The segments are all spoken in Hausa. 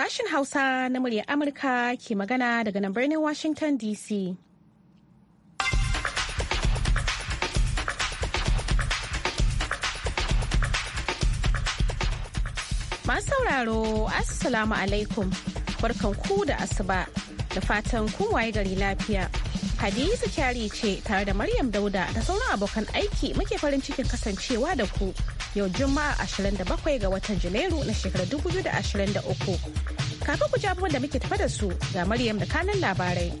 Sashen Hausa na murya Amurka ke magana daga nan birnin Washington DC. Masu sauraro, Assalamu alaikum, barkan ku da asuba, da fatan kun waye gari lafiya. Hadiza Kyari ce tare da Maryam Dauda da sauran abokan aiki muke farin cikin kasancewa da ku yau Juma'a 27 ga watan Janairu na shekarar 2023. Kafin ku ji da muke tafa da su ga Maryam da kanan labarai.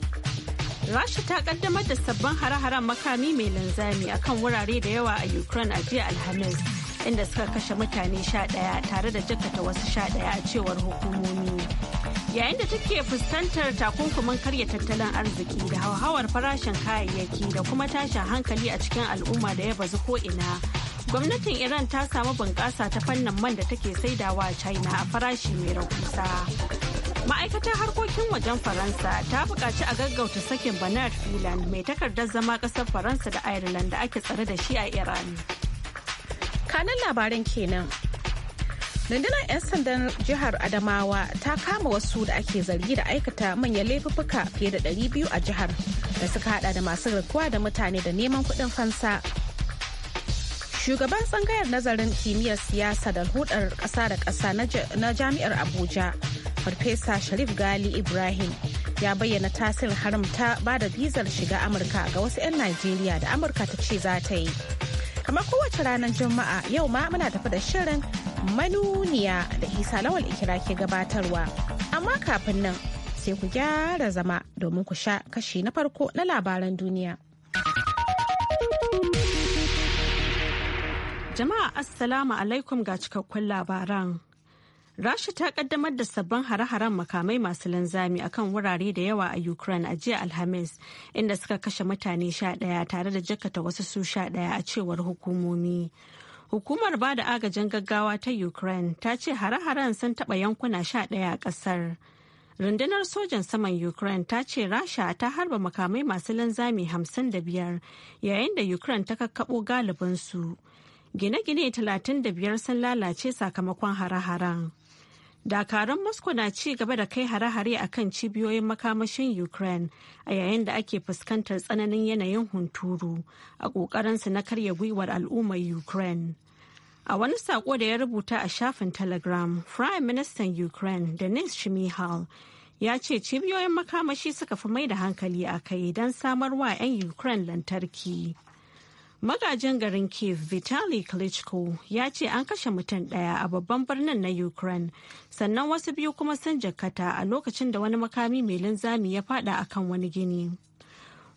Rasha ta kaddamar da sabbin hare-haren makami mai linzami akan wurare da yawa a Ukraine a jiya Alhamis inda suka kashe mutane 11 tare da jakata wasu 11 a cewar hukumomi. yayin da take fuskantar takunkumin karya tattalin arziki da hauhawar farashin kayayyaki da kuma tashin hankali a cikin al'umma da ya bazu ko'ina gwamnatin iran ta samu bunƙasa ta fannin man da take saidawa a china a farashi mai rahusa ma'aikatar harkokin wajen faransa ta buƙaci a gaggauta sakin bernard filan mai takardar zama ƙasar faransa da ireland da ake tsare da shi a iran kanan labaran kenan rundunar 'yan sandan jihar adamawa ta kama wasu da ake zargi da aikata manyan laifuffuka fiye da 200 a jihar da suka hada da masu rikuwa da mutane da neman kudin fansa shugaban tsangayar nazarin kimiyyar siyasa da hudar kasa da kasa na jami'ar abuja farfesa sharif gali ibrahim ya bayyana tasirin haramta ba da bizar shiga amurka ga wasu 'yan najeriya da amurka ta ce za ta yi kamar kowace ranar juma'a yau ma muna tafi da shirin manuniya da isa lawal ikira ke gabatarwa amma kafin nan sai ku gyara zama domin ku sha kashi na farko na labaran duniya jama'a assalamu alaikum ga cikakkun labaran rasha ta kaddamar da sabbin hare-haren makamai masu linzami akan wurare da yawa a ukraine a jiya alhamis inda suka kashe mutane sha daya tare da jakata wasu su sha daya a cewar hukumomi Hukumar ba da agajin gaggawa ta Ukraine ta ce hare-haren sun taba yankuna sha ɗaya a kasar. Rundunar sojan saman Ukraine ta ce Rasha ta harba makamai masu linzami hamsin da biyar yayin da Ukraine ta kakkaɓo galibinsu. Gine-gine talatin da biyar sun lalace sakamakon hare-haren. dakaran moscow na ci gaba da kai hare-hare a kan cibiyoyin makamashin ukraine a yayin da ake fuskantar tsananin yanayin hunturu a ƙoƙarinsu na karya gwiwar al'ummar ukraine A wani sako da ya rubuta a shafin Telegram, Prime Minister Ukraine Denis Shmihal ya ce cibiyoyin makamashi suka fi mai da hankali a kai don samarwa 'yan Ukraine lantarki. Magajin garin Kiev Vitali Klitschko ya ce an kashe mutum ɗaya a babban birnin na Ukraine sannan wasu biyu kuma sun jakata a lokacin da wani makami mai linzami ya fada kan wani gini.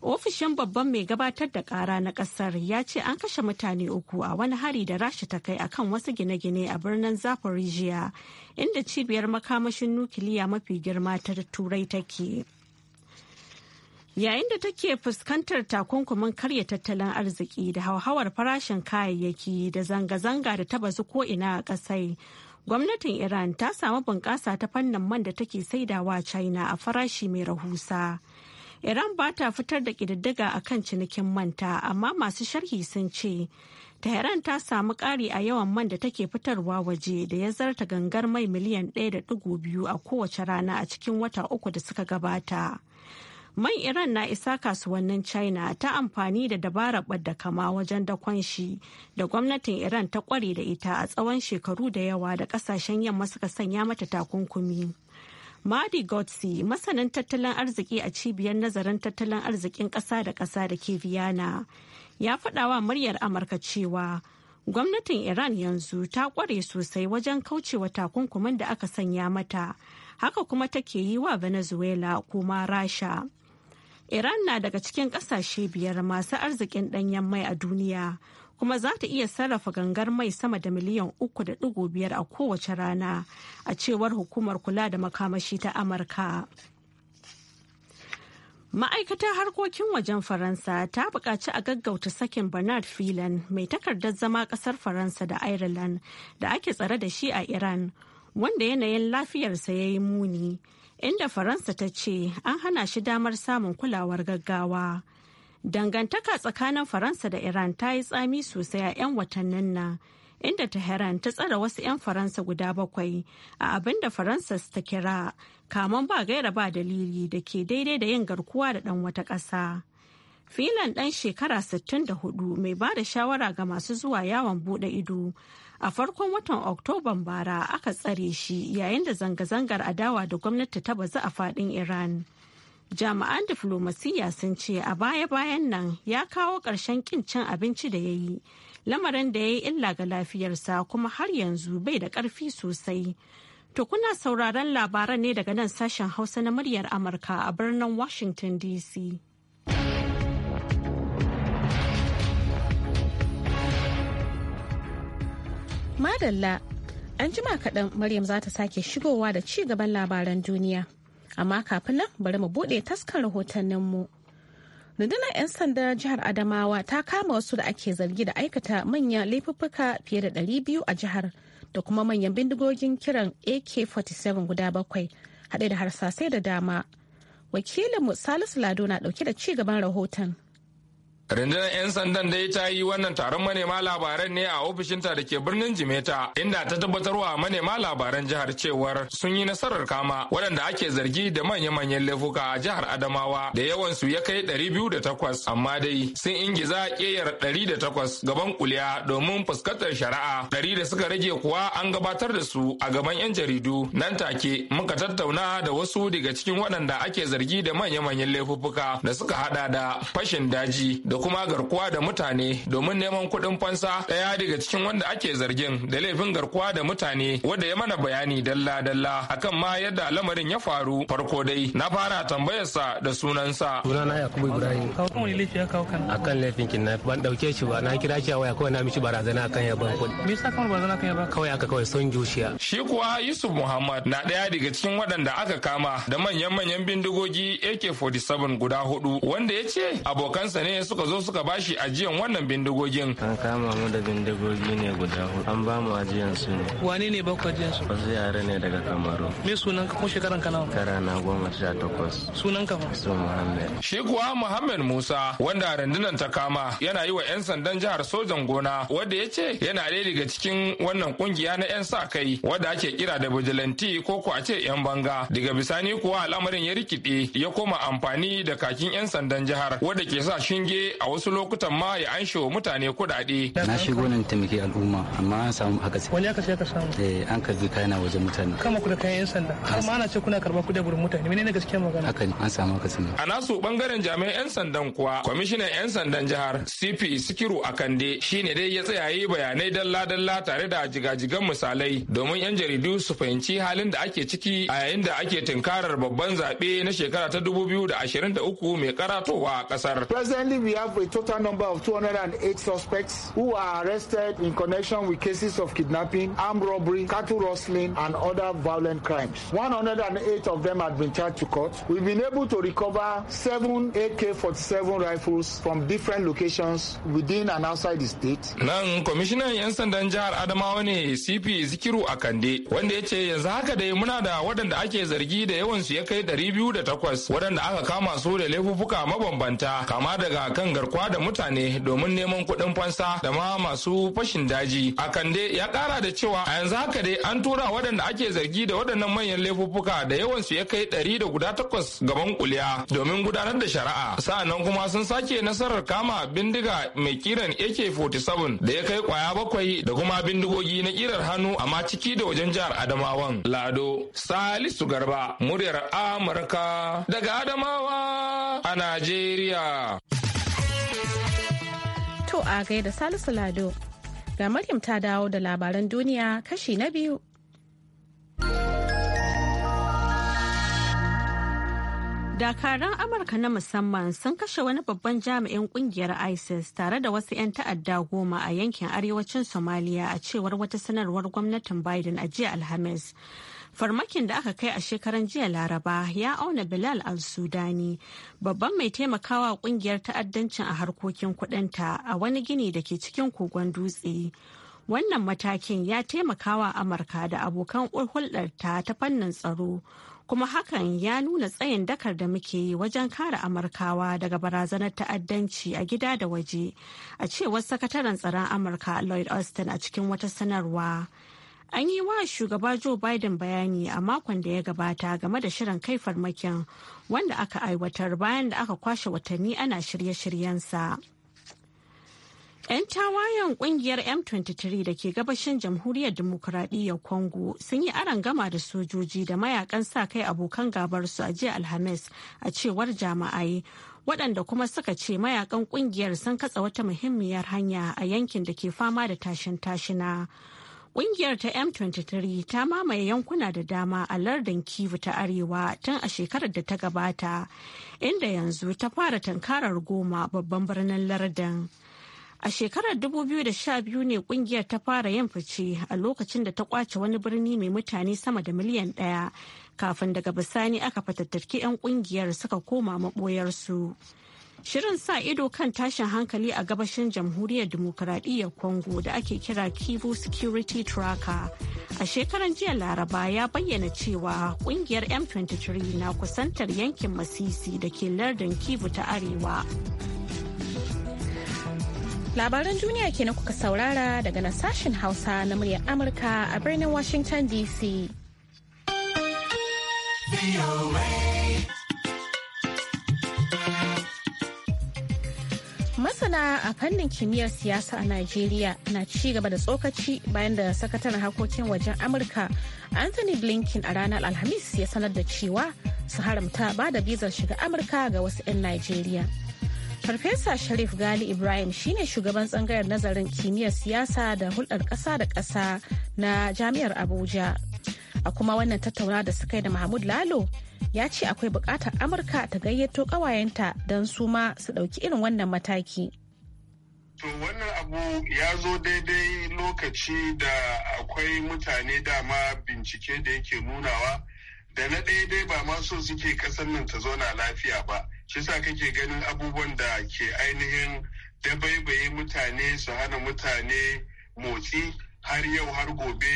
Ofishin babban mai gabatar da kara na ƙasar ya ce an kashe mutane uku a wani hari da rasha ta kai akan wasu gine-gine a birnin Zaporizhia inda cibiyar makamashin nukiliya mafi girma ta turai take. Yayin da take fuskantar takunkumin karya tattalin arziki da hauhawar farashin kayayyaki da zanga-zanga da ta bazu ko'ina a ƙasai. Gwamnatin Iran ta samu bunƙasa ta fannin man da take saidawa China a farashi mai rahusa. Iran ba ta fitar da ƙididdiga a kan cinikin manta, amma masu sharhi sun ce, Tehran ta samu ƙari a yawan man da take fitarwa waje da ya zarta gangar mai miliyan 1.2 a kowace rana a cikin wata uku da suka gabata. man iran na isa kasuwannin china ta amfani da dabarar ɓadda kama wajen dakon shi da gwamnatin iran ta kware da ita a tsawon shekaru da yawa da kasashen yamma suka sanya mata takunkumi Madi Gotsi masanin tattalin arziki a cibiyar nazarin tattalin arzikin ƙasa da ƙasa da ke Viyana, ya faɗawa muryar Amurka cewa gwamnatin Iran yanzu ta ƙware sosai wajen kaucewa takunkumin da aka sanya mata haka kuma take yi wa Venezuela ko ma Rasha. Iran na daga cikin ƙasashe biyar masu arzikin ɗanyen mai a duniya, kuma za ta iya sarrafa gangar mai sama da miliyan uku da biyar a kowace rana, a cewar hukumar kula da makamashi ta Amurka. Ma'aikatar harkokin wajen Faransa ta buƙaci a gaggauta sakin Bernard Filan mai takardar zama ƙasar Faransa da Ireland da ake tsare da shi a Iran, wanda yanayin lafiyarsa ya yi muni. inda faransa ta ce an hana shi damar samun kulawar gaggawa dangantaka tsakanin faransa da iran ta yi tsami sosai a 'yan watannin nan inda Tehran ta tsara wasu 'yan Faransa guda bakwai a abin da Faransa ta kira kaman ba gaira ba dalili da ke daidai da yin garkuwa da ɗan wata ƙasa. Filan ɗan shekara 64 mai ba da shawara ga masu zuwa yawon buɗe ido a farkon watan oktoban bara aka tsare shi yayin da zanga-zangar adawa da gwamnati ta bazu a fadin iran jami'an diflomasiyya sun ce a baya-bayan nan ya kawo ƙarshen kin cin abinci da ya yi lamarin da ya yi illa ga lafiyarsa kuma har yanzu bai da ƙarfi sosai to kuna sauraron labaran ne daga nan sashen hausa na muryar amurka a birnin washington dc Madalla, an jima kaɗan Maryam za ta sake shigowa da ci gaban labaran duniya. Amma kafin nan bari mu buɗe taskar rahotanninmu. Rundunar 'yan sandar jihar Adamawa ta kama wasu da ake zargi da aikata manyan laifuffuka fiye da 200 a jihar da kuma manyan bindigogin kiran AK-47 guda bakwai haɗe da harsasai da dama. Wakilinmu Salisu Lado na ɗauke da ci gaban rahoton. Rundunar 'yan sandan dai ta yi wannan taron manema labaran ne a ofishinta da ke birnin Jimeta, inda ta tabbatarwa manema labaran jihar cewar sun yi nasarar kama waɗanda ake zargi da manya-manyan laifuka a jihar Adamawa da yawansu ya kai 208, amma dai sun ingiza ƙeyar 108 gaban kuliya domin fuskantar shari'a. Ɗari da suka rage kuwa an gabatar da su a gaban 'yan jaridu. Nan take muka tattauna da wasu daga cikin waɗanda ake zargi da manya-manyan laifuka da suka haɗa da fashin daji da kuma garkuwa da mutane domin neman kuɗin fansa ɗaya daga cikin wanda ake zargin da laifin garkuwa da mutane wanda ya mana bayani dalla-dalla akan ma yadda lamarin ya faru farko dai na fara tambayar sa da sunansa. Sunana Yakubu Ibrahim. ya kan? Akan laifin kidnap ban dauke shi ba na kira shi a waya kawai na mishi barazana akan ya ban kuɗi. Me yasa kamar barazana kan ya ban? Kawai aka kawai son jushiya. Shi kuwa Yusuf Muhammad na ɗaya daga cikin waɗanda aka kama da manyan-manyan bindigogi AK-47 guda hudu wanda ya ce abokansa ne suka suka zo suka bashi ajiyan wannan bindigogin an kama mu da bindigogi ne guda hudu an ba mu ajiyan su ne wane ne baku ajiyan su wasu yare ne daga kamaru me sunan ka kuma shekaran ka nawa kara na goma sha takwas sunan ka fa su muhammed shi kuwa muhammed musa wanda rundunar ta kama yana yi wa yan sandan jihar sojan gona wanda ya ce yana ɗaya daga cikin wannan kungiya na yan sa kai wanda ake kira da bijilanti ko ko a ce yan banga daga bisani kuwa al'amarin ya rikide ya koma amfani da kakin yan sandan jihar wanda ke sa shinge a wasu lokutan ma ya anshe wa mutane kuɗaɗe. Na shigo nan taimaki al'umma amma an samu haka sai. Wani aka ce ka samu. Eh an karbi kayana wajen mutane. Kama ku da kayan yan sanda. Har ma ana ce kuna karɓar kuɗi gurin mutane. Menene gaskiyar magana? Haka ne an samu haka sai. A nasu bangaren jami'an yan sandan kuwa kwamishinan yan sandan jihar CP Sikiru Akande shine dai ya tsaya yi bayanai dalla-dalla tare da jigajigan misalai domin yan jaridu su fahimci halin da ake ciki a yayin da ake tinkarar babban zaɓe na shekara ta 2023 mai karatowa a ƙasar. Presently we have a total number of 208 suspects who are arrested in connection with cases of kidnapping, armed robbery, cattle rustling, and other violent crimes. 108 of them have been charged to court. We've been able to recover seven AK-47 rifles from different locations within and outside the state. Nan kwamishinan 'yan sandan jihar Adamawa ne CP Zikiru Akande wanda ya ce yanzu haka dai muna da waɗanda ake zargi da yawansu ya kai 208 waɗanda aka kama su da laifuffuka mabambanta kama daga kan garkuwa da mutane domin neman kuɗin fansa da ma masu fashin daji a akande ya ƙara da cewa a yanzu haka dai an tura waɗanda ake zargi da waɗannan manyan laifuffuka da yawan su ya kai ɗari da guda takwas gaban kuliya domin gudanar da shari'a sa'annan kuma sun sake nasarar kama bindiga mai kiran ak-47 da ya kai kwaya bakwai da kuma bindigogi na kirar hannu amma ciki da wajen jihar adamawan lado salisu garba muryar amurka daga adamawa a najeriya To a gaida Salisu Lado. Ga Maryam ta dawo da labaran duniya kashi na biyu. Dakaran Amurka na musamman sun kashe wani babban jami'in kungiyar ISIS tare da wasu 'yan ta'adda goma a yankin arewacin Somalia a cewar wata sanarwar gwamnatin Biden a jiya Alhamis. farmakin da aka kai a shekaran jiya laraba ya auna bilal al-sudani babban mai taimakawa kungiyar ta'addancin a harkokin kudinta a wani gini da ke cikin kogon dutse wannan matakin ya taimakawa amurka da abokan hulɗarta ta fannin tsaro kuma hakan ya nuna tsayin dakar da muke yi wajen kare amurkawa daga barazanar ta'addanci a gida da waje a cewar sakataren tsaron amurka lloyd austin a cikin wata sanarwa An yi wa shugaba Joe Biden bayani a makon da ya gabata game da shirin kai farmakin wanda aka aiwatar bayan da aka kwashe watanni ana shirye-shiryensa. 'Yan tawayen kungiyar M23 da ke gabashin jamhuriyar dimokuraɗiyyar Congo sun yi aron gama da sojoji da mayakan sa kai abokan gabarsu a jiya Alhamis a cewar jama'ai. Waɗanda kuma suka ce mayakan kungiyar sun katsa wata muhimmiyar hanya a yankin da ke fama da tashin tashina. Ƙungiyar ta M23 ta mamaye yankuna da dama a lardin Kivu ta Arewa tun a shekarar da ta gabata, inda yanzu ta fara tankarar goma babban birnin lardin. A shekarar 2012 ne kungiyar ta fara yin fice a lokacin da ta kwace wani birni mai mutane sama da miliyan ɗaya kafin daga bisani aka fatattaki 'yan kungiyar suka koma maboyarsu. su. Shirin sa ido kan tashin hankali a gabashin jamhuriyar demokuraɗiyyar Congo da ake kira Kivu Security Tracker. A shekaran jiya Laraba ya bayyana cewa kungiyar M23 na kusantar yankin Masisi da ke lardin Kivu ta Arewa. Labaran duniya ke kuka saurara daga nan sashen Hausa na muryar Amurka a birnin Washington DC. Masana a fannin kimiyyar siyasa a Najeriya na ci gaba da tsokaci bayan da sakataren harkokin wajen Amurka Anthony Blinken a ranar Alhamis ya sanar da cewa su haramta ba da bizar shiga Amurka ga wasu 'yan Najeriya. Farfesa Sharif Gali Ibrahim shine shugaban tsangayar nazarin kimiyyar siyasa da hulɗar ƙasa da ƙasa na Jami'ar Abuja a kuma wannan tattauna da suka yi da mahmud lalo ya ce akwai bukatar amurka ta gayyato kawayenta don su ma su ɗauki irin wannan mataki to wannan abu ya zo daidai lokaci da akwai mutane dama bincike da yake nunawa da na daidai ba ma so suke kasan nan ta zauna lafiya ba shi sa kake ganin abubuwan da ke ainihin dabaibaye mutane su hana mutane motsi har yau har gobe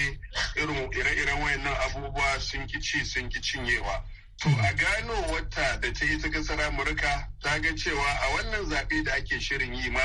irin ire-iren wayannan abubuwa sun kici sun ki cinyewa to a gano wata da ta yi ta kasar amurka ta ga cewa a wannan zaɓe da ake shirin yi ma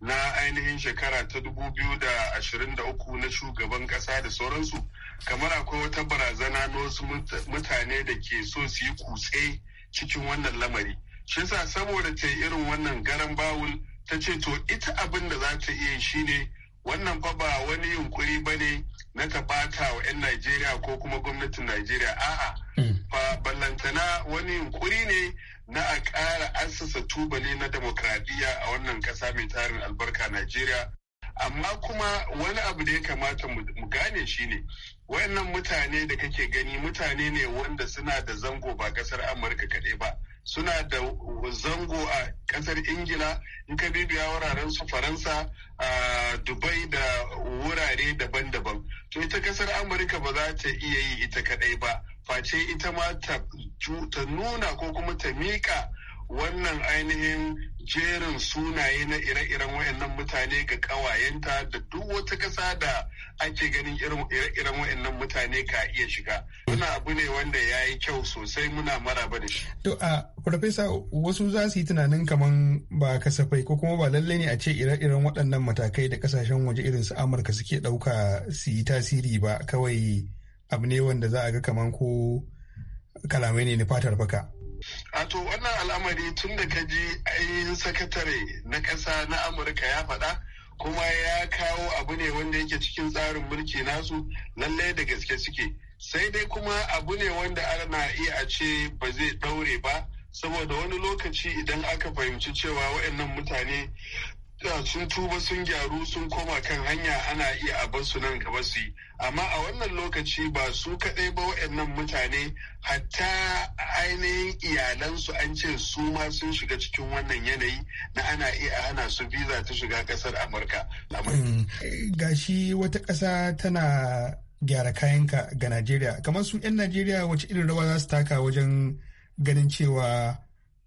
na ainihin shekara ta da da ashirin uku na shugaban ƙasa da sauransu kamar akwai wata barazana na wasu mutane da ke so su yi kutse cikin wannan lamari shi yasa saboda ta irin wannan garan bawul ta ce to ita abin da za ta iya shine wannan fa ba wani yunkuri ba ne na ta bata wa 'yan Najeriya ko kuma gwamnatin Najeriya a'a mm. fa ballantana wani yunkuri ne na a ƙara assasa ne na demokradiyya a wannan ƙasa mai tarin albarka Najeriya amma kuma wani abu da ya kamata mu gane shi ne wayannan mutane da kake gani mutane ne wanda suna da zango ba ƙasar Amurka kaɗai ba suna da zango a kasar ingila in ka bibiya wuraren su faransa a dubai da wurare daban-daban to ita kasar amurka ba za ta iya yi ita kadai ba face ita ma ta nuna ko kuma ta miƙa wannan ainihin jerin sunaye na ire-iren wayannan mutane ga kawayenta da duk wata ƙasa da ake ganin ire-iren wayannan mutane ka iya shiga. Suna abu ne wanda ya yi kyau sosai muna maraba da shi. To a Farfesa wasu za su yi tunanin kaman ba kasafai ko kuma ba lallai ne a ce ire-iren waɗannan matakai da kasashen waje irin su Amurka suke ɗauka su yi tasiri ba kawai abu ne wanda za a ga kaman ko kalamai ne na fatar baka. A to wannan al'amari tun da ka ji ainihin sakatare na ƙasa na Amurka ya faɗa kuma ya kawo abu ne wanda yake cikin tsarin mulki nasu lallai da gaske suke. Sai dai kuma abu ne wanda ana iya a ce ba zai ɗaure ba saboda wani lokaci idan aka fahimci cewa waɗannan mutane da sun tuba sun gyaru sun koma kan hanya ana iya a basu nan gaba su amma a wannan lokaci ba su kaɗai ba waɗannan mutane hatta ainihin iyalansu an ce su ma sun shiga cikin wannan yanayi na ana iya hana su biza ta shiga ƙasar amurka mm. gashi wata ƙasa tana gyara kayanka ga najeriya kamar su 'yan najeriya wace irin rawa za su taka wajen ganin cewa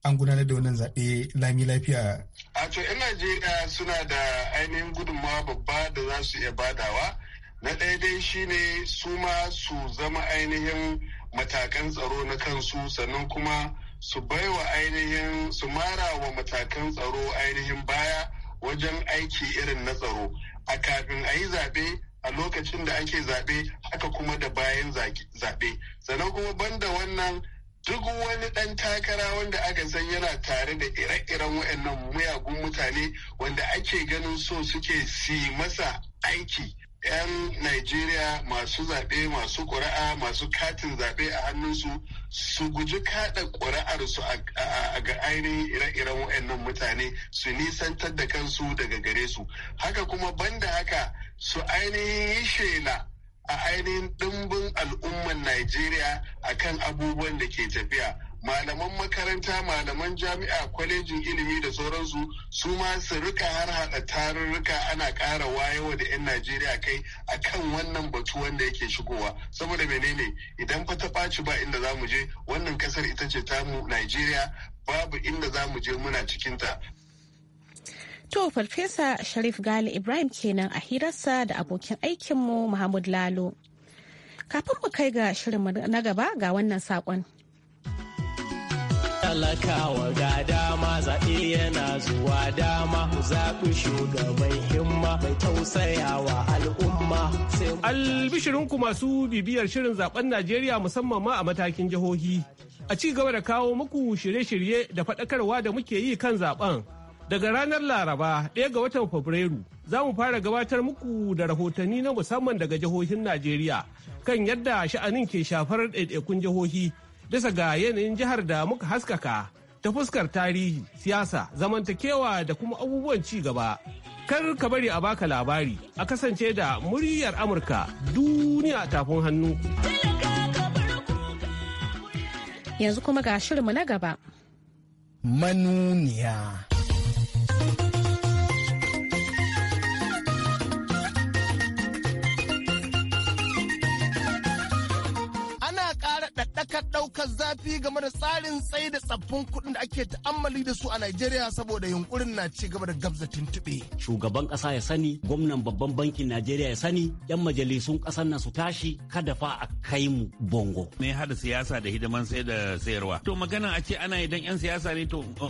an gudanar da wannan zaɓe lami lafiya. A to 'yan Najeriya suna da ainihin gudunmawa babba da za su iya badawa. Na ɗaya dai shine su ma su zama ainihin matakan tsaro na kansu sannan kuma su baiwa ainihin su mara wa matakan tsaro ainihin baya wajen aiki irin na tsaro. A kafin a yi zaɓe a lokacin da ake zaɓe haka kuma da bayan zaɓe. Sannan kuma banda wannan duk wani ɗan takara wanda aka san yana tare da ire-iren waɗannan muyagun mutane wanda ake ganin so suke si masa aiki 'yan Najeriya masu zaɓe masu ƙuri'a masu katin zaɓe a hannunsu su guji kaɗa ƙuri'arsu a ga ainihin ire-iren waɗannan mutane su nisantar da kansu daga gare su haka kuma banda haka su ainihin yi shela a ainihin ɗimbin al'umman Najeriya akan abubuwan da ke tafiya. Malaman makaranta, malaman jami'a, kwalejin ilimi da sauransu su ma su rika har haɗa tarurruka ana ƙara wayewa da 'yan Najeriya kai a kan wannan batu wanda yake shigowa. Saboda menene idan fa ta ɓaci ba inda za mu je wannan ƙasar ita ce tamu Najeriya babu inda za mu je muna cikinta To Farfesa Sharif Gali Ibrahim kenan a hirarsa da abokin aikinmu Muhammad Lalo. Kafin mu kai ga shirin na gaba ga wannan saƙon. Talakawa ga dama zaɓe yana zuwa dama zaɓi shugaban himma mai tausayawa al'umma. Albishirinku masu bibiyar shirin zaɓen Najeriya musamman ma a matakin jihohi. A ci gaba da kawo muku shirye-shirye da faɗakarwa da muke yi kan zaɓen. Daga ranar Laraba ɗaya ga watan Fabrairu za mu fara gabatar muku da rahotanni na musamman daga jihohin Najeriya kan yadda sha'anin ke shafar ɗaiɗaikun jihohi bisa ga yanayin jihar da muka haskaka ta fuskar tarihi, siyasa, zamantakewa da kuma abubuwan ci gaba. Kar ka bari a baka labari a kasance da muryar Amurka duniya tafin hannu. Yanzu kuma ga shirinmu na gaba. Manuniya. Ana ƙara ɗaɗɗakar ɗaukar zafi game da tsarin tsaye da kuɗi. da ake ta'ammali da su a Najeriya saboda yunkurin na ci gaba da gabza tuntuɓe. Shugaban kasa ya sani, gwamnan babban bankin Najeriya ya sani, 'yan majalisun ƙasar nan su tashi kada fa a kai mu bongo. Me hada siyasa da hidiman sai da sayarwa. To magana a ce ana idan 'yan siyasa ne to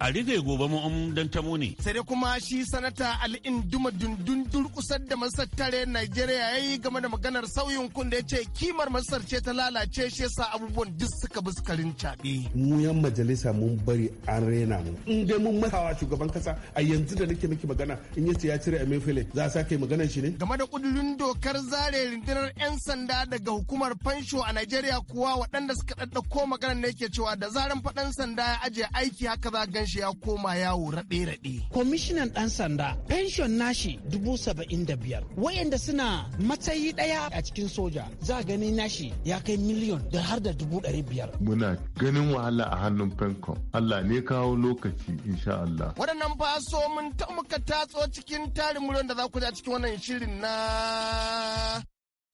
a rigaye gobe mu dan tamo ne. Sai dai kuma shi sanata ali Duma Dundun kusar da masar tare Najeriya ya yi game da maganar sauyin kun ya ce kimar masar ce ta lalace shi yasa abubuwan duk suka buskarin caɓe. Mu 'yan majalisa mu mun bari an rena mu in dai mun makawa shugaban kasa a yanzu da nake miki magana in yace ya cire fili za a sake maganar shi ne game da kudurin dokar zare rundunar yan sanda daga hukumar fansho a Najeriya kuwa waɗanda suka ɗaɗɗauko maganar ne ke cewa da zaran faɗan sanda ya ajiye aiki haka za gan shi ya koma yawo raɗe-raɗe. Kwamishinan ɗan sanda fanshon nashi dubu saba'in da biyar wayanda suna matsayi ɗaya a cikin soja za gani nashi ya kai miliyon da har da dubu ɗari biyar. Muna ganin wahala a hannun fenkon Allah ne kawo lokaci insha Allah. Waɗannan faso mun ta muka tatso cikin tarin muryar da za ku je cikin wannan shirin na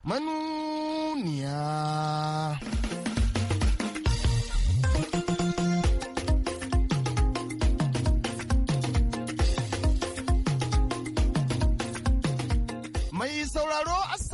manuniya.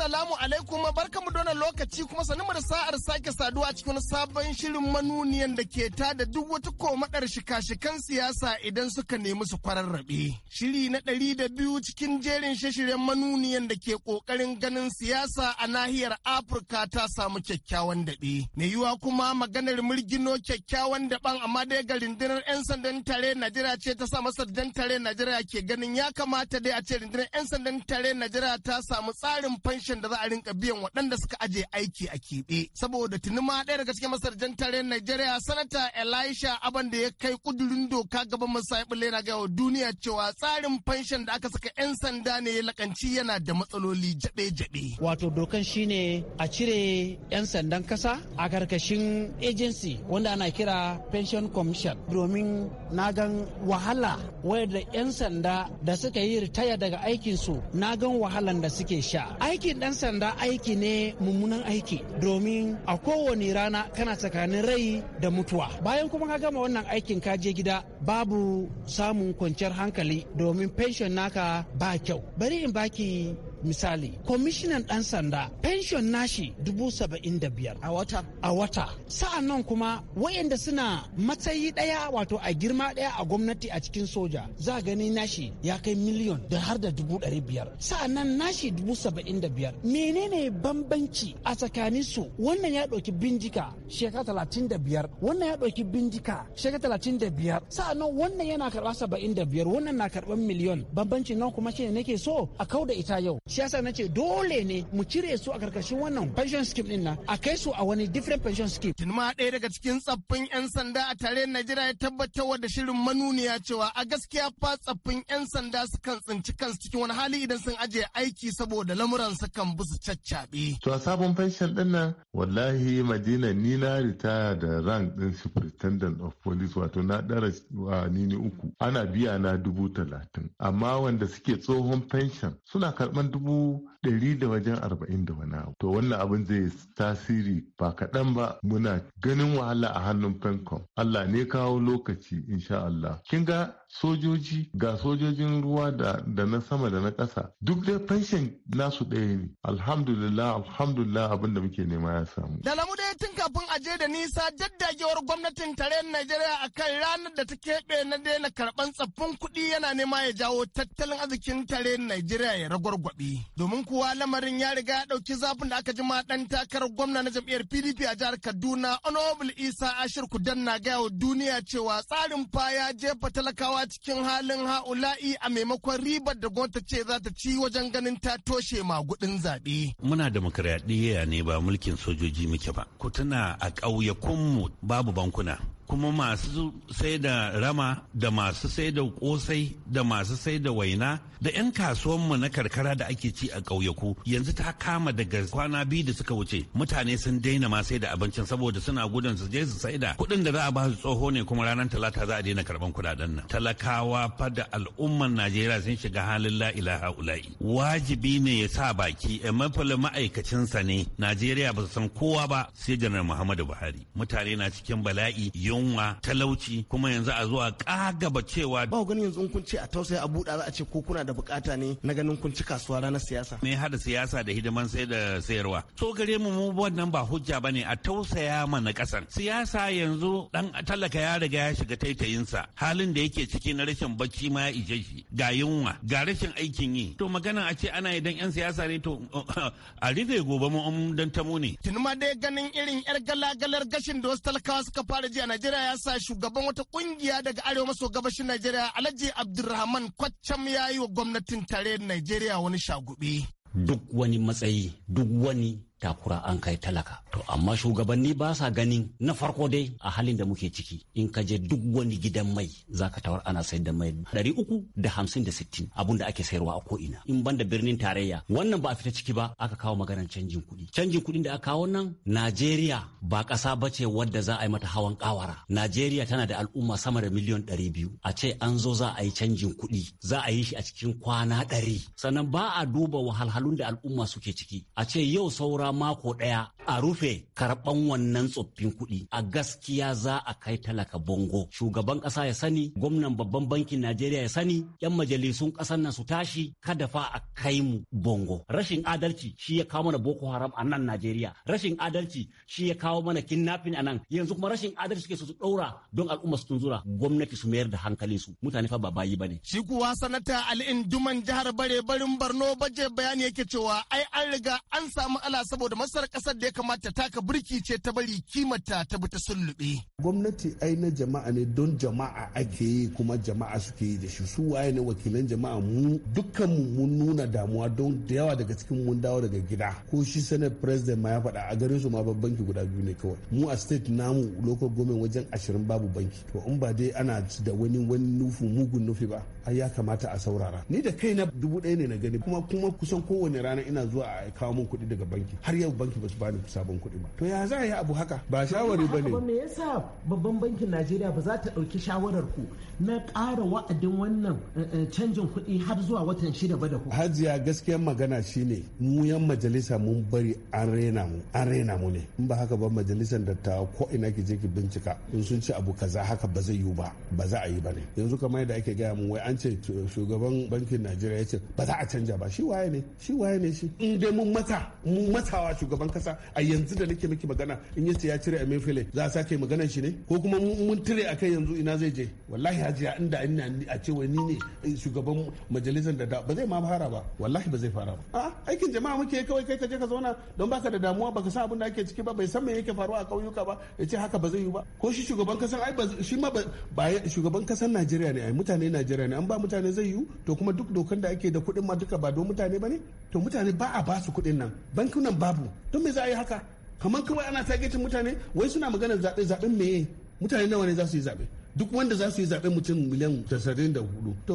Assalamu alaikum barka mu wannan lokaci kuma sanin da sa'ar sake saduwa cikin sabon shirin manuniyan da ke ta da duk wata komadar shika-shikan siyasa idan suka nemi su kwararrabe. Shiri na ɗari da biyu cikin jerin shirin manuniyan da ke ƙoƙarin ganin siyasa a nahiyar Afirka ta samu kyakkyawan daɓe. Mai yiwa kuma maganar mirgino kyakkyawan daban amma dai ga rundunar 'yan sandan tare Najeriya ce ta sa masandan tare Najeriya ke ganin ya kamata dai a ce rundunar 'yan sandan tare Najeriya ta samu tsarin fanshi bashin da za a rinka biyan waɗanda suka aje aiki a keɓe saboda tuni ma ɗaya daga cikin masarjan tarayyar Najeriya sanata Elisha Aban da ya kai kudurin doka gaban masahibu lera ga duniya cewa tsarin fanshan da aka saka 'yan sanda ne ya lakanci yana da matsaloli jaɓe-jaɓe. Wato dokan shine a cire 'yan sandan kasa a karkashin agency wanda ana kira pension commission domin na gan wahala wayar da 'yan sanda da suka yi ritaya daga aikinsu na gan wahalan da suke sha. Aikin ɗan sanda aiki ne mummunan aiki domin a kowane rana kana tsakanin rai da mutuwa bayan kuma ka gama wannan aikin ka je gida babu samun kwanciyar hankali domin pension naka ba kyau bari in baki misali kwamishinan ɗan sanda pension nashi dubu saba'in da biyar a wata a wata sa'an nan kuma wayanda suna matsayi ɗaya wato a girma ɗaya a gwamnati a cikin soja za gani nashi ya kai miliyon da har da dubu ɗari biyar sa'an nan nashi dubu saba'in da biyar menene bambanci a tsakanin su wannan ya ɗauki bindika shekara talatin da biyar wannan ya ɗauki bindika shekara talatin da biyar sa'an nan wannan yana karɓa saba'in da biyar wannan na karɓar miliyon bambanci nan kuma shi ne nake so a kau da ita yau siyasa na ce dole ne mu cire su a karkashin wannan pension scheme din nan a kai su a wani different pension scheme tun ma ɗaya daga cikin tsaffin yan sanda a tare Najeriya ya tabbatar da shirin manuniya cewa a gaskiya fa tsaffin yan sanda sukan tsinci kansu cikin wani hali idan sun ajiye aiki saboda lamuran sukan bi su caccabe to a sabon pension din nan wallahi Madina ni na ritaya da rank din superintendent of police wato na dara ni ne uku ana biya na dubu talatin amma wanda suke tsohon pension suna karɓan dubu bu dari da wajen arba'in da wani abu to wannan abin zai tasiri ba kaɗan ba muna ganin wahala a hannun fankon allah ne kawo lokaci insha allah kin ga sojoji ga sojojin ruwa da na sama da na ƙasa duk dai fanshin nasu ɗaya ne alhamdulillah alhamdulillah abin da muke nema ya samu da lamu dai tun kafin aje da nisa jaddagewar gwamnatin tarayyar najeriya kan ranar da ta keɓe na daina karɓan tsaffin kuɗi yana nema ya jawo tattalin arzikin tarayyar najeriya ya ragwargwaɓe domin ku kuwa lamarin ya riga ya ɗauki zafin da aka ji ma ɗan takarar gwamna na jam'iyyar PDP a jihar Kaduna Honorable Isa Ashir Kudan na gaya wa duniya cewa tsarin fa ya jefa talakawa cikin halin ha'ula'i a maimakon ribar da gwamnati ce za ta ci wajen ganin ta toshe magudin zaɓe. Muna demokradiyya ne ba mulkin sojoji muke ba. Ku tuna a ƙauyakunmu babu bankuna. kuma masu sai da rama da masu sai da kosai da masu sai da waina da 'yan kasuwanmu na karkara da ake ci a ƙauyaku yanzu ta kama daga kwana biyu da suka wuce mutane sun daina ma sai da abincin saboda suna gudun su je su sai da kuɗin da za a ba su tsoho ne kuma ranar talata za a daina karɓan kuɗaɗen nan talakawa fa da al'umman najeriya sun shiga halin la ilaha ula'i wajibi ne ya sa baki emefali eh, ma'aikacinsa ne najeriya ba su san kowa ba sai janar muhammadu buhari mutane na cikin bala'i yunwa talauci kuma yanzu a zuwa kagaba cewa ba ganin yanzu in kun ce a tausaya a buɗa za a ce ko kuna da bukata ne na ganin kun ci kasuwa ranar siyasa ne hada siyasa da hidiman sai da sayarwa so gare mu mu wannan ba hujja bane a tausaya ma na kasan siyasa yanzu dan talaka ya riga ya shiga taitayinsa halin da yake ciki na rashin bacci ma ya ije shi ga yunwa ga rashin aikin yi to magana a ce ana idan yan siyasa ne to a rufe gobe mu dan tamu ne tun dai ganin irin yar galagalar gashin da wasu talakawa suka fara ji a Najeriya ya sa shugaban wata kungiya daga arewa maso gabashin Najeriya Alhaji Abdulrahman Kwaccam ya yi wa gwamnatin tare Najeriya wani shagube. Duk wani matsayi, duk wani takura an kai talaka to amma shugabanni ba sa ganin na farko dai a halin da muke ciki in ka je duk wani gidan mai za ka tawar ana sayar da mai dari uku da hamsin da sittin abun da ake sayarwa a ko ina in banda birnin tarayya wannan ba a fita ciki ba aka kawo maganar canjin kuɗi canjin kuɗin da aka kawo nan Najeriya ba ƙasa ba ce wadda za a yi mata hawan ƙawara Najeriya tana da al'umma sama da miliyon ɗari biyu a ce an zo za a yi canjin kuɗi za a yi shi a cikin kwana ɗari sannan ba a duba wahalhalun da al'umma suke ciki a ce yau saura saura mako ɗaya a rufe karɓan wannan tsoffin kuɗi a gaskiya za a kai talaka bongo shugaban ƙasa ya sani gwamnan babban bankin najeriya ya sani yan majalisun ƙasar nan su tashi kada fa a kai mu bongo rashin adalci shi ya kawo mana boko haram a nan najeriya rashin adalci shi ya kawo mana kidnapping a nan yanzu kuma rashin adalci suke su ɗaura don al'umma su tunzura gwamnati su mayar da hankalin su mutane fa ba bayi bane shi kuwa sanata al'in duman jihar bare barin barno baje bayani yake cewa ai an riga an samu alasa saboda masarar kasar da ya kamata taka birki ce ta bari kimata ta bi ta sullube. Gwamnati ai na jama'a ne don jama'a ake yi kuma jama'a suke yi da shi su waye ne wakilan jama'a mu dukkan mu mun nuna damuwa don da yawa daga cikin mun dawo daga gida ko shi senate president ma ya faɗa a garin su ma ban banki guda biyu ne kawai mu a state namu local government wajen ashirin babu banki to in ba dai ana da wani wani nufu mugun nufi ba ai ya kamata a saurara ni da kaina dubu ɗaya ne na gani kuma kuma kusan kowane rana ina zuwa a kawo min kuɗi daga banki har yau banki ba su bani sabon kuɗi ba to ya za a yi abu haka ba shawari ba ne me yasa babban bankin najeriya ba za ta ɗauki shawarar ku na ƙara wa'adin wannan eh, eh, canjin kuɗi har zuwa watan shida ba da ku hajiya gaskiyar magana shine mu yan majalisa mun bari an rena mu an rena mu ne in ba haka ba majalisar dattawa ko ina ki je ki bincika in sun ci abu kaza haka ba zai yiwu ba ba za a yi ba ne yanzu kamar yadda ake gaya mu wai an ce shugaban bankin najeriya ya ce ba za a canja ba shi waye ne shi waye ne shi in dai mun mata mun mata sakawa shugaban kasa a yanzu da nake miki magana in yace ya cire Emefiele za a sake magana shi ne ko kuma mun tire akai yanzu ina zai je wallahi hajiya inda ina a ce wani ne eh, shugaban majalisar da ba zai ma fara ba wallahi ba zai fara ba a aikin jama'a muke kawai kai ka je ka zauna don baka da damuwa baka san abin da ake ciki ba bai san me yake faruwa a kauyuka ba ya ce haka ba zai yi ba ko shi shugaban kasan ai ba shi ma ba shugaban kasan Najeriya ne ai mutane Najeriya ne an ba mutane zai yi to kuma duk dokan da ake da kuɗin ma duka ba don mutane ba ne to mutane ba a ba su kuɗin nan bankunan babu don me za a yi haka kamar kawai ana targetin mutane wai suna magana zaɓe zaɓen meye mutane nawa ne za su yi zaɓe duk wanda za su yi zaɓe mutum miliyan tasa'in da hudu to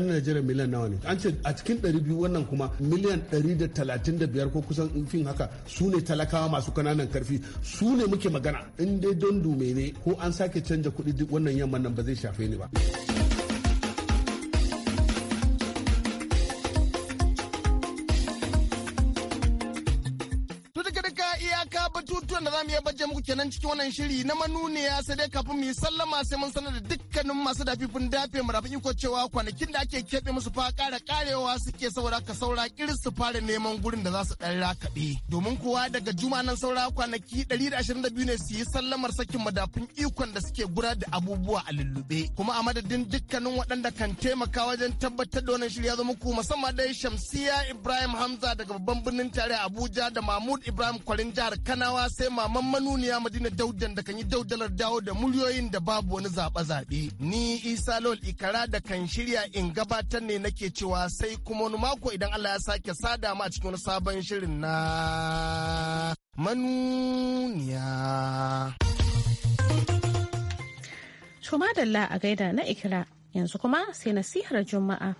najeriya miliyan nawa ne an ce a cikin ɗari biyu wannan kuma miliyan ɗari da talatin da biyar ko kusan fin haka su ne talakawa masu kananan karfi su ne muke magana in dai don dume ne ko an sake canja kuɗi duk wannan yamman nan ba zai shafe ni ba. nan cikin wannan shiri na manuniya sai dai kafin mu yi sallama sai mun sanar da dukkanin masu dafifin dafe mu rafin iko cewa kwanakin da ake keɓe musu fa ƙara ƙarewa suke saboda ka saura irin su fara neman gurin da za su ɗan rakaɓe. Domin kuwa daga juma nan saura kwanaki 122 ne su yi sallamar sakin madafin ikon da suke gura da abubuwa a lullube. Kuma a madadin dukkanin waɗanda kan taimaka wajen tabbatar da wannan shiri ya zo muku musamman dai Shamsiya Ibrahim Hamza daga babban birnin tare Abuja da Mahmud Ibrahim Kwarin jihar Kanawa sai maman manuniya mu madina daudan da kan yi daudalar dawo da muryoyin da babu wani zaɓe zaɓe ni isa lol ikara da kan shirya in gabatar ne nake cewa sai kuma wani mako idan allah ya sake sada ma cikin wani sabon shirin na manuniya Shuma dalla a gaida na ikira yanzu kuma sai nasihar juma'a.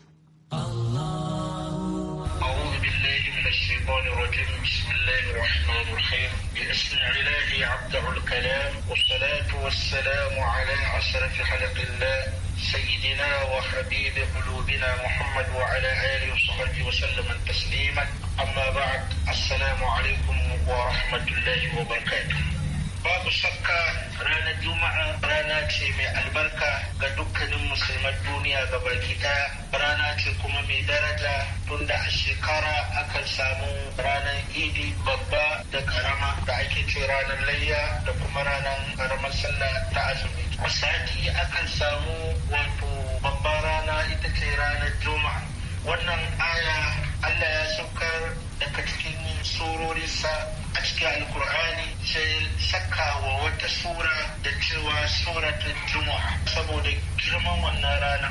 الشيطان الرجيم بسم الله الرحمن الرحيم باسم الله عبد الكلام والصلاة والسلام على أشرف خلق الله سيدنا وحبيب قلوبنا محمد وعلى آله وصحبه وسلم تسليما أما بعد السلام عليكم ورحمة الله وبركاته باب الصدقة رانا الجمعة رانا ce musulman duniya gaba gida. rana ce kuma mai daraja tun da a shekara akan samu ranar idi babba da karama da ake ce ranar layya da kuma ranar karamar sallah ta azumi sati akan samu wato babban rana ita ce ranar juma'a wannan aya allah ya saukar daga cikin surorinsa a cikin alkur'ani sai saka wa wata sura da cewa suratul juma'a saboda girman wannan rana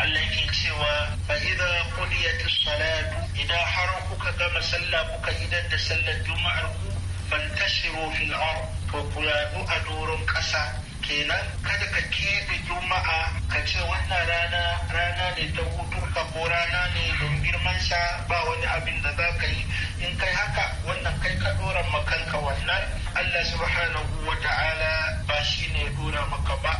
Allah ke cewa fa idza qudiyatis salatu idan har kuka gama sallah kuka idan da sallar juma'ar ku fantashiru fil ard to ku yadu a doron kasa kenan kada ka keɓe juma'a ka ce wannan rana rana ne ta hutun ka ko rana ne don girman sha ba wani abin da za ka yi in kai haka wannan kai ka ɗora makanka wannan allah subhanahu wa ta'ala ba shi ne ɗora maka ba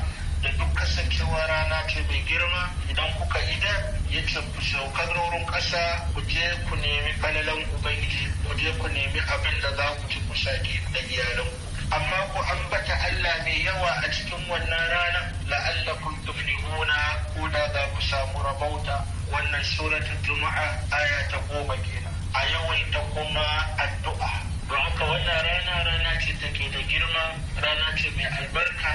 da duk kasancewa rana ce mai girma idan kuka da ya ce ku sauka doron ƙasa ku je ku nemi falalan ubangiji ku je ku nemi abin da za ku ci ku sake da iyalanku amma ku ambata Allah mai yawa a cikin wannan ranar la'allakum tuflihuna ko da za ku samu rabauta wannan suratul juma'a aya ta goma kenan a yawaita kuma addu'a don haka wannan rana rana ce take da girma rana ce mai albarka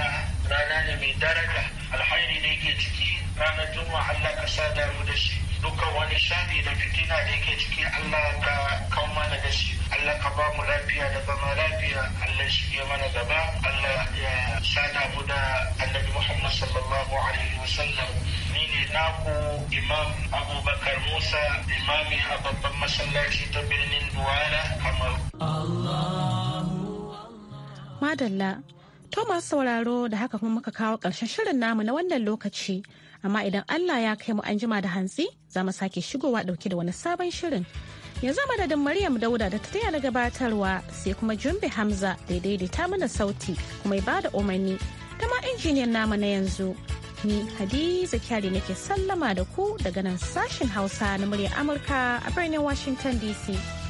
rana ne mai daraja alhairi ne ke ciki ranar juma'a Allah ka sa damu da shi dukkan wani shani da fitina da yake ciki Allah ka kawo mana da shi Allah ka ba mu lafiya da zama lafiya Allah shi ya mana gaba Allah ya sada mu da annabi Muhammad sallallahu alaihi wasallam ni ne naku imam Abubakar Musa imami a babban masallaci ta birnin Duwala Kamaru Madalla Thomas sauraro da haka kuma muka kawo ƙarshen shirin namu na wannan lokaci amma idan Allah ya kai mu an jima da hantsi za mu sake shigowa dauke da wani sabon shirin. yanzu madadin Maryam Dauda da ta taya na gabatarwa sai kuma Jumbe Hamza da daidaita mana sauti kuma ya bada umarni ta ma injiniyan namu na yanzu. Ni Hadiza Kyari nake sallama da ku daga nan sashin Hausa na muryar Amurka a birnin Washington DC.